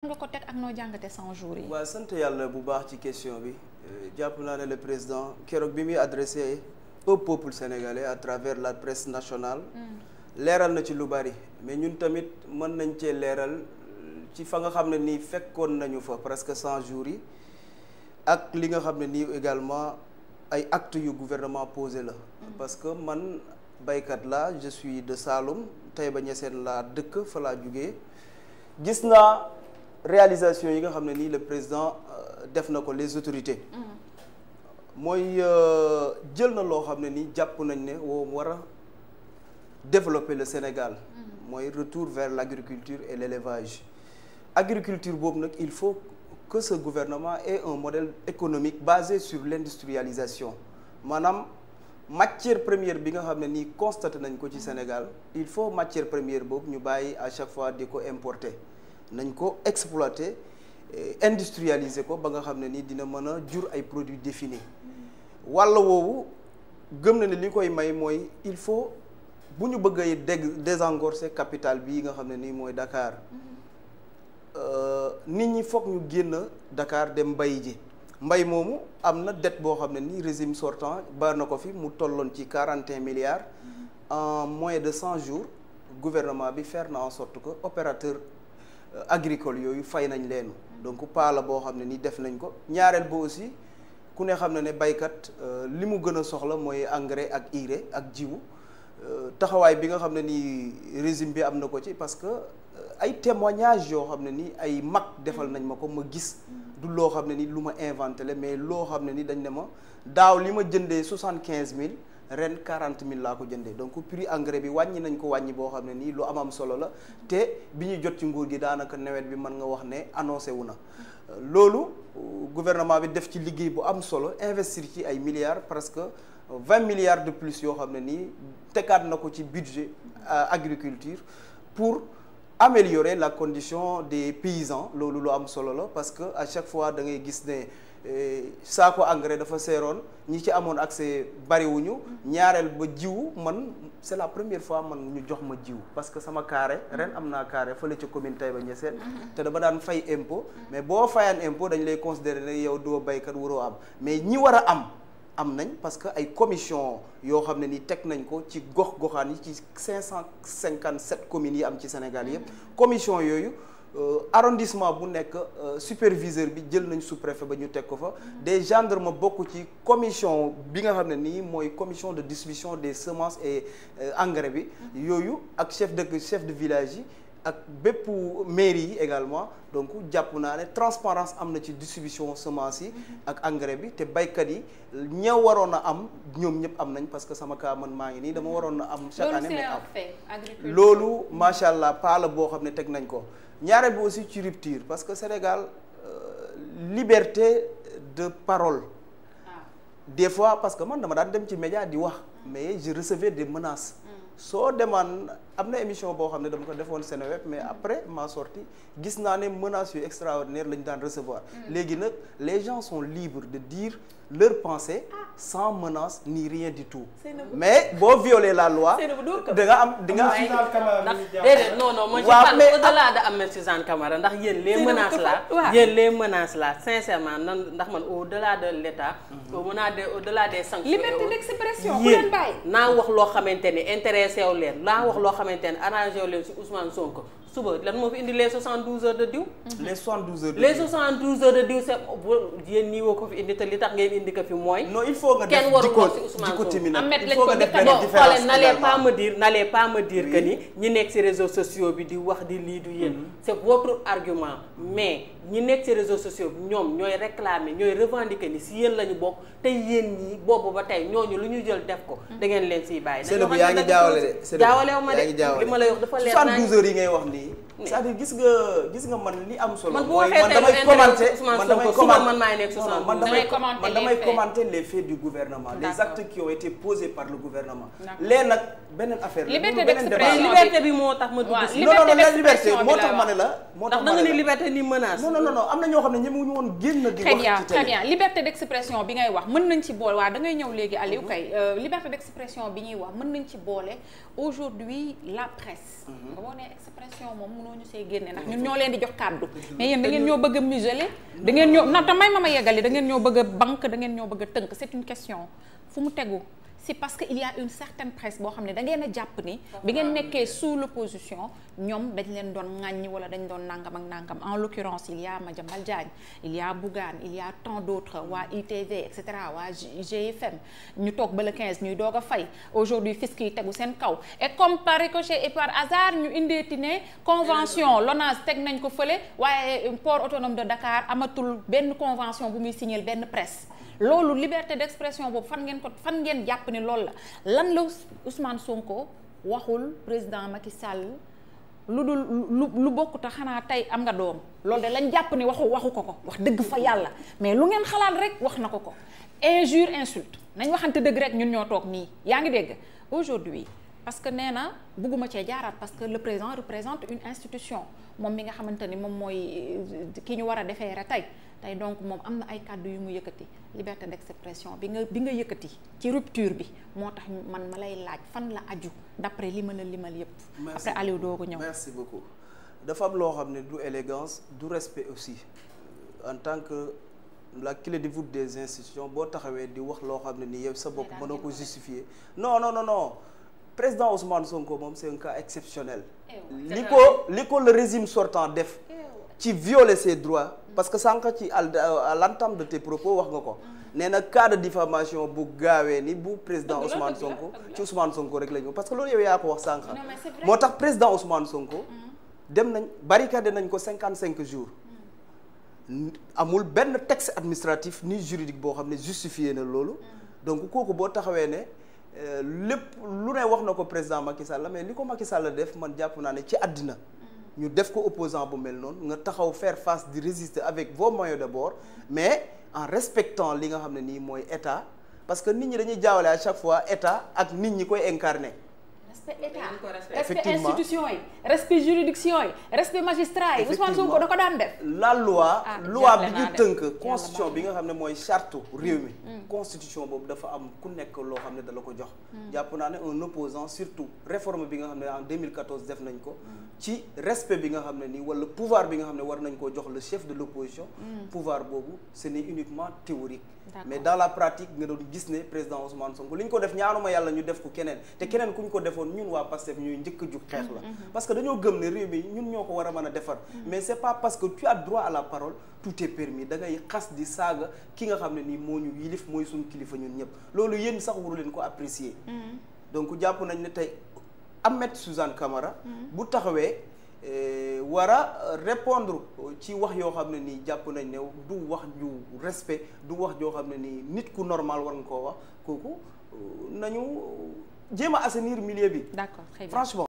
nga ko teg ak noo jàngate 100 yi. waaw sant yàlla bu baax ci question bi euh, jàpp naa ne le président keroog bi muy adressé au peuple sénégalais à travers la presse nationale. Mm. leeral na ci lu bari mais ñun tamit mën nañ cee leeral ci fa nga xam ne nii fekkoon nañu fa presque 100 jours yi ak li nga xam ne nii également ay actes yu gouvernement posé la. Mm. parce que man baykat laa je suis de Saloum Taïba Niassène laa dëkk fa laa jugee gis naa. réalisation yi nga xam ne nii la président euh, def na ko les autorités. Mm-hmm. mooy euh, jël na loo xam ne nii jàpp nañ ne woo war a développer le Sénégal. Mm-hmm. mooy retour vers l'agriculture et l'élevage. agriculture boobu nag il faut que ce gouvernement ait un modèle économique basé sur l'industrialisation maanaam matière première bi nga xam ne nii constaté nañ ko ci mm-hmm. Sénégal il faut matière première boobu ñu bàyyi à chaque fois di ko importer. nañ ko exploiter euh, industrialiser ko ba nga xam ne ni dina mën a jur ay produits définis wàll woowu gëm na ne li koy may mooy il faut bu ñu bëgg ay dégg désengorger capital bii nga xam ne nii mooy Dakar euh, nit ñi foog ñu génn dakaar dem mbay ji mbay moomu am na dette boo xam ne ni régime sortant baar na ko fi mu tolloon ci quarante et milliards mm-hmm. en moins de cent jours gouvernement bi faire na en sorte que opérateur agricole yooyu fay nañ leen donc pas la boo xam ne ni def nañ ko ñaareel bo aussi ku ne xam ne ne baykat euh, li mu gën a soxla mooy engrais ak urée ak jiwu euh, taxawaay bi nga xam ne ni résime bi am na ko ci parce que euh, ay témoignages yoo xam ne ni ay mag defal nañ ma ko ma gis du loo xam ne ni lu ma inventé mais loo xam ne ni dañ ne ma daaw li ma jëndee soixante quinze mille ren 40 000 laa ko jëndee donc prix engrais bi wàññi nañ ko wàññi boo xam ne nii lu am am solo la te bi ñu jot ci nguur gi daanaka nawet bi mën nga wax ne annoncé wu na loolu gouvernement bi def ci liggéey bu am solo investir ci ay milliards presque 20 milliards de plus yoo xam ne nii tekkaat na ko ci budget euh, agriculture pour améliorer la condition des paysans loolu lu am solo la parce que à chaque fois da ngay gis ne Eh, saako engrais dafa seeroon ñi ci amoon accès bariwuñu ñaareel ba jiw man c'est la première fois man ñu jox ma jiw parce que sama carré ren am naa carré fële ci commune ba Taïba seen te dama daan fay impôt mais boo fayaan impôt dañu lay considérer ne yow doo baykat waroo am mais ñi war a am am nañ parce que ay commission yoo xam ne ni teg nañ ko ci gox goxaan yi ci cinq cent cinquante sept communes yi am ci Sénégal yëpp commission yooyu Euh, arrondissement bu nekk euh, superviseur bi jël nañ sous-préfet ba ñu teg ko fa des ma bokk ci commission bi nga xam ne nii mooy commission de distribution des semence et euh, engrais bi mm-hmm. yooyu ak chef de chef de village yi ak bépp mairie yi également donc jàpp naa ne transparence am na ci distribution semence yi ak engrais bi te baykat yi ña waroon a am ñoom ñëpp am nañ parce que sama cas man maa ngi nii dama waroon a am chaque année mais am loolu macha allah pas boo xam ne teg nañ ko ñaare bi aussi ci rupture parce que Sénégal euh, liberté de parole ah. des fois parce que man dama daal dem ci média di wax mais je recevais des menaces mm. soo demaan am na émission boo xam ne dama ko defoon Seneweb mais après ma sortie gis naa ne menaces yu extraordinaire la ñu daan recevoir mm. léegi nag les gens sont libres de dire leur pensée sans menace ni rien du tout mais boo violer la loi da am di nga am déedéet non non moi je parle au-delà de Ahmed Suzanne Camara ndax yéen les menaces là yéen les menaces là sincèrement ndax man au-delà de l'État mhm. au-delà de au-delà des sanctions liberté d'expression ku naa wax loo xamante ne intéressé wu leen naa wax loo xamante xamante ne arrangé wu leen si Sonko suba lan moo fi indi les 72 heures de diw. Mhm. les 72 heures de diw les 72 heures de diw c'est yéen nii woo ko fi indi te li tax ngeen indi ko fi mooy. non il faut nga def kenn waru ko ci Ousmane Sonko ñi nekk ci réseaux sociaux bi di wax di lii du yéen. Mhm. c'est votre argument mais ñi nekk ci réseaux sociaux bi ñoom ñooy réclamer ñooy revendiquer ni si yéen la ñu bokk te yéen ñii boobu ba tey ñooñu lu ñu jël def ko. da ngeen leen siy bàyyi. dañoo xam ne nag jaawale wu ma li ma lay wax dafa leer ngay wax nii yi c'est-à-dire gis nga gis nga man li am solo. man damay commenter man damay commenter man du gouvernement. les qui ont été posés par le gouvernement. leen nag beneen affaire liberté d'expression liberté bi moo tax ma dugg si. non non la liberté moo tax ma la. moo tax ma la ndax da liberté ni menace. non non non am na ñoo xam ne ñemewuñu woon génn. di wax bien liberté d'expression bi ngay wax mën nañ ci boole waaw da ñëw léegi Aliou mhm. kay euh, liberté d'expression bi ñuy wax mën nañ ci émission moom mënoo ñu see génne ndax ñun ñoo leen di jox kàddu mais yéen da ngeen ñoo bëgg a museler da ngeen ñoo nata may ma ma yeggali da ngeen ñoo bëgg a banque da ñoo bëgg a tënk c'est une question fu mu tegu c'est parce que il y une certaine presse boo xam ne da ngeen a jàpp ni bi ngeen nekkee sous l'opposition ñoom dañ leen doon ŋàññi wala dañ doon nangam ak nangam en l'occurrence il y a Madiambal il y a Bougane il y a tant d'autres waa ITV et cetera waa GFM ñu toog ba le 15 ñuy doog a fay aujourd'hui fisc yi tegu seen kaw et comme par ricochet et par hasard ñu indeeti ne convention l'ONAS teg nañ ko fële waaye port autonome de Dakar amatul benn convention bu muy signer benn presse loolu liberté d'expression boobu fan ngeen ko fan ngeen jàpp ni lool la lan la Ousmane Sonko waxul président Macky Sall lu dul lu lu bokkut a xanaa tey am nga doom loolu de lañ jàpp ni waxu waxu ko ko wax dëgg fa yàlla mais lu ngeen xalaat rek wax na ko ko injure insulte nañ waxante dëgg rek ñun ñoo toog nii yaa ngi dégg aujourd'hui parce que nee na bugguma cee jaaraat parce que le présent représente une institution moom mi nga xamante ni moom mooy euh, ki ñu war a defee rek tey tey donc moom am na ay kàddu yu mu yëkkati liberté d'expression bi nga bi nga yëkkati ci rupture bi moo tax man ma lay laaj fan la aju d'après li ma la limal yépp après Aliou doogu ñëw merci beaucoup dafa am loo xam ne du élégance du respect aussi en tant que la clé de voûte des institutions boo taxawee di wax loo xam ne ni yow sa bopp mënoo ko justifier non non non président Ousmane Sonko moom c'est un cas exceptionnel. Eh li ko li ko le régime sortant def. Eh ci violer ses droits. parce que sànq ci al euh, à l'entame de tes propos wax nga ko. Mm. nee na cas de diffamation bu gaawee ni bu président Ousmane Sonko ci Ousmane Sonko rek la ñëw parce que loolu yow yaa ko wax sànq. moo tax président Ousmane Sonko. Mm. dem nañ barricadé nañ ko cinquante cinq jours. Mm. amul benn texte administratif ni juridique boo xam ne justifié na loolu. donc kooku boo taxawee ne. Euh, lépp lu ne wax na ko président Macky Sall mais li ko Macky Sall def man jàpp naa ne ci àddina ñu def ko opposant bu mel noonu nga taxaw fair face di résister avec vos moyens de bord mais en respectant li nga xam ne nii mooy état parce que nit ñi dañuy jaawale à chaque fois état ak nit ñi koy incarner respect état respect institution yi respect juridiction yi respect magistrat yi Ousmane Sonko da ko daan def la loi ah, bi ñu tënk constitution bi nga xam ne mooy charte réew mi mm. Mm. constitution boobu dafa am ku nekk loo xam ne dala ko jox mm. jàpp naa ne un opposant surtout réforme bi nga xam ne en 2014 def nañ ko ci respect bi nga xam ne nii wala pouvoir bi nga xam ne war nañ koo jox le chef de l'opposition pouvoir boobu ce n'est uniquement théorique mais dans la pratique nga doon gis ne président Ousmane Sonko li ñu ko def ñaanuma yàlla ñu def ko keneen te keneen ku ñu ko defoon ñun waa Pastef ñuy njëkk a jug xeex la mm-hmm. parce que dañoo gëm ne réew mi ñun ñoo ko war a mën a defar mm-hmm. mais c'est pas parce que tu as droit à la parole tout permis da xas di saaga ki nga xam ne nii moo ñu yilif mooy suñu kilifa ñun ñëpp loolu yéen sax waru leen ko apprécier mm-hmm. donc jàpp nañ ne tey Ahmed Suzanne Camara bu taxawee Euh, war a répondre ci wax yoo xam ne nii jàpp nañ new du wax ju respect du wax joo xam ne ni nit ku normal war nga koo wax kooku euh, nañu jéem a millier bi. d'accord très bien franchement.